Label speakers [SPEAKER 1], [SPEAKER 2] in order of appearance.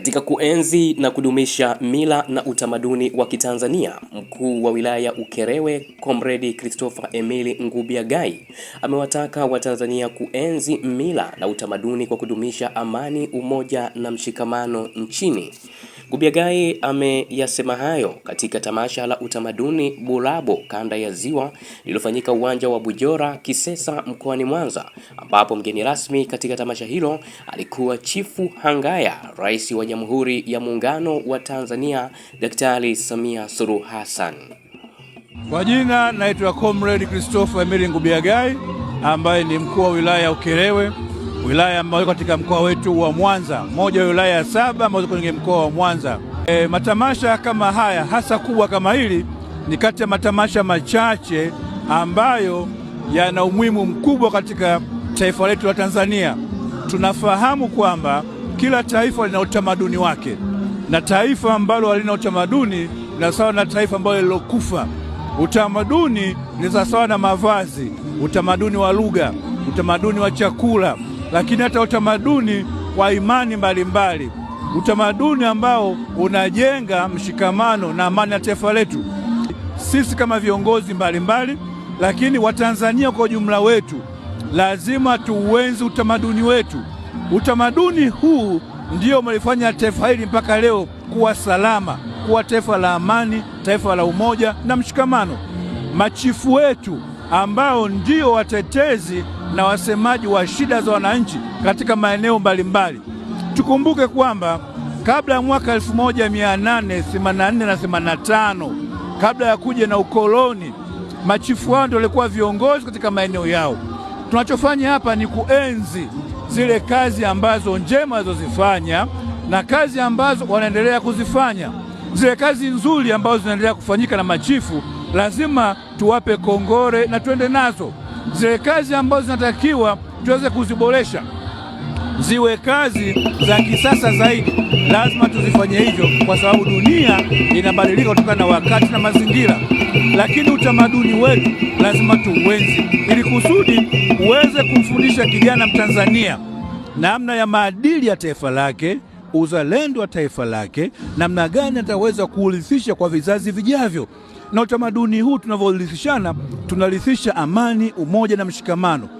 [SPEAKER 1] Katika kuenzi na kudumisha mila na utamaduni wa Kitanzania, mkuu wa wilaya ya Ukerewe Comrade Christopher Emili Ngubiagai amewataka Watanzania kuenzi mila na utamaduni kwa kudumisha amani, umoja na mshikamano nchini. Gubiagai ameyasema hayo katika tamasha la utamaduni Bulabo kanda ya Ziwa lililofanyika uwanja wa Bujora Kisesa mkoani Mwanza, ambapo mgeni rasmi katika tamasha hilo alikuwa Chifu Hangaya, Rais wa Jamhuri ya Muungano wa Tanzania Daktari Samia Suluhu Hassan.
[SPEAKER 2] Kwa jina naitwa Comrade Christopher Emili Ngubiagai ambaye ni mkuu wa wilaya ya Ukerewe wilaya ambayo katika mkoa wetu wa Mwanza, moja wa wilaya ya saba ambazo kwenye mkoa wa Mwanza. E, matamasha kama haya hasa kubwa kama hili ni kati ya matamasha machache ambayo yana umuhimu mkubwa katika taifa letu la Tanzania. Tunafahamu kwamba kila taifa lina utamaduni wake, na taifa ambalo halina utamaduni ni sawa na taifa ambalo lilokufa. Utamaduni ni sawa na mavazi, utamaduni wa lugha, utamaduni wa chakula lakini hata utamaduni wa imani mbalimbali, utamaduni ambao unajenga mshikamano na amani ya taifa letu sisi kama viongozi mbalimbali mbali, lakini Watanzania kwa ujumla wetu lazima tuuenzi utamaduni wetu. Utamaduni huu ndio umelifanya taifa hili mpaka leo kuwa salama, kuwa taifa la amani, taifa la umoja na mshikamano. Machifu wetu ambao ndio watetezi na wasemaji wa shida za wananchi katika maeneo mbalimbali. Tukumbuke kwamba kabla ya mwaka 1884 na 85, kabla ya kuja na ukoloni, machifu wao ndio walikuwa viongozi katika maeneo yao. Tunachofanya hapa ni kuenzi zile kazi ambazo njema walizozifanya na kazi ambazo wanaendelea kuzifanya, zile kazi nzuri ambazo zinaendelea kufanyika na machifu lazima tuwape kongore na twende nazo zile kazi ambazo zinatakiwa tuweze kuziboresha ziwe kazi za kisasa zaidi. Lazima tuzifanye hivyo, kwa sababu dunia inabadilika kutokana na wakati na mazingira, lakini utamaduni wetu lazima tuuenzi, ili kusudi uweze kumfundisha kijana Mtanzania namna ya maadili ya taifa lake uzalendo wa taifa lake, namna gani ataweza kuurithisha kwa vizazi vijavyo. Na utamaduni huu tunavyourithishana, tunarithisha amani, umoja na mshikamano.